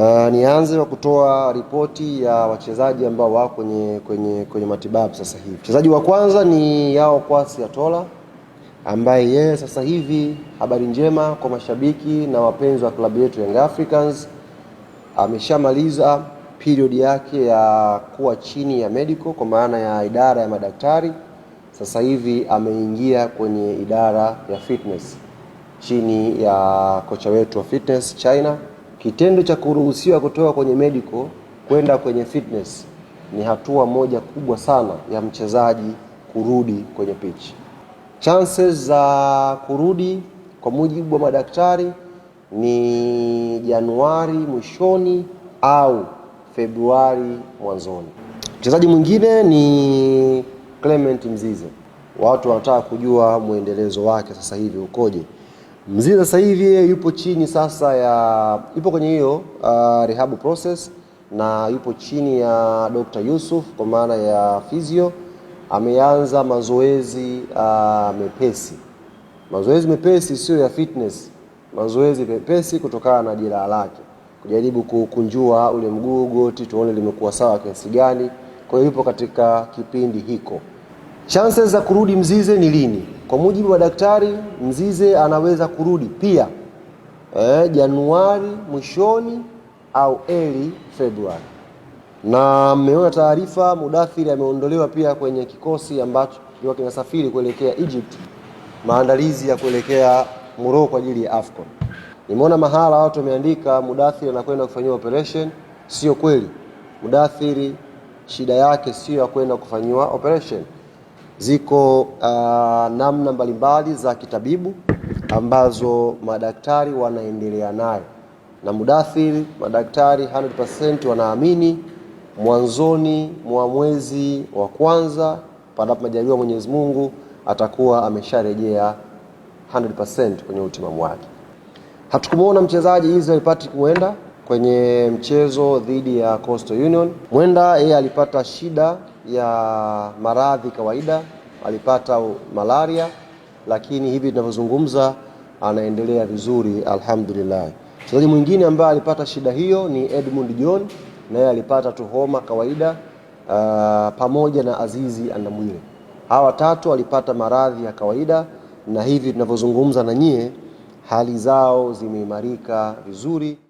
Uh, nianze kwa kutoa ripoti ya wachezaji ambao wako kwenye, kwenye, kwenye matibabu sasa hivi. Mchezaji wa kwanza ni Yao Kwasi Atola ambaye yeye sasa hivi, habari njema kwa mashabiki na wapenzi wa klabu yetu Young Africans, ameshamaliza period yake ya kuwa chini ya medical kwa maana ya idara ya madaktari. Sasa hivi ameingia kwenye idara ya fitness chini ya kocha wetu wa fitness China Kitendo cha kuruhusiwa kutoka kwenye medical kwenda kwenye fitness ni hatua moja kubwa sana ya mchezaji kurudi kwenye pitch. Chances za kurudi kwa mujibu wa madaktari ni Januari mwishoni au Februari mwanzoni. Mchezaji mwingine ni Clement Mzize. Watu wanataka kujua mwendelezo wake sasa hivi ukoje? Mzee sasa hivi yupo chini sasa ya yupo kwenye hiyo uh, ah, rehab process na yupo chini ya Dr. Yusuf kwa maana ya physio. Ameanza mazoezi uh, mepesi, mazoezi mepesi sio ya fitness, mazoezi mepesi kutokana na jeraha lake, kujaribu kukunjua ule mguu, goti, tuone limekuwa sawa kiasi gani. Kwa hiyo yupo katika kipindi hiko. Chances za kurudi Mzize ni lini? Kwa mujibu wa daktari, Mzize anaweza kurudi pia e, Januari mwishoni au early Februari. Na mmeona taarifa, Mudathiri ameondolewa pia kwenye kikosi ambacho kilikuwa kinasafiri kuelekea Egypt, maandalizi ya kuelekea Morocco kwa ajili ya AFCON. Nimeona mahala watu wameandika Mudathiri anakwenda kufanyiwa operation. Sio kweli, Mudathiri shida yake sio ya kwenda kufanyiwa operation. Ziko uh, namna mbalimbali za kitabibu ambazo madaktari wanaendelea nayo na mudathiri. Madaktari 100% wanaamini mwanzoni mwa mwezi wa kwanza, panapo majaliwa Mwenyezi Mungu, atakuwa amesharejea 100% kwenye utimamu wake. Hatukumwona mchezaji Israel Patrick Mwenda kwenye mchezo dhidi ya Coastal Union. Mwenda yeye alipata shida ya maradhi kawaida, alipata malaria, lakini hivi tunavyozungumza anaendelea vizuri, alhamdulillah. Mchezaji mwingine ambaye alipata shida hiyo ni Edmund John, naye alipata tu homa kawaida, uh, pamoja na Azizi Andamwile. Hawa watatu walipata maradhi ya kawaida, na hivi tunavyozungumza na nyie hali zao zimeimarika vizuri.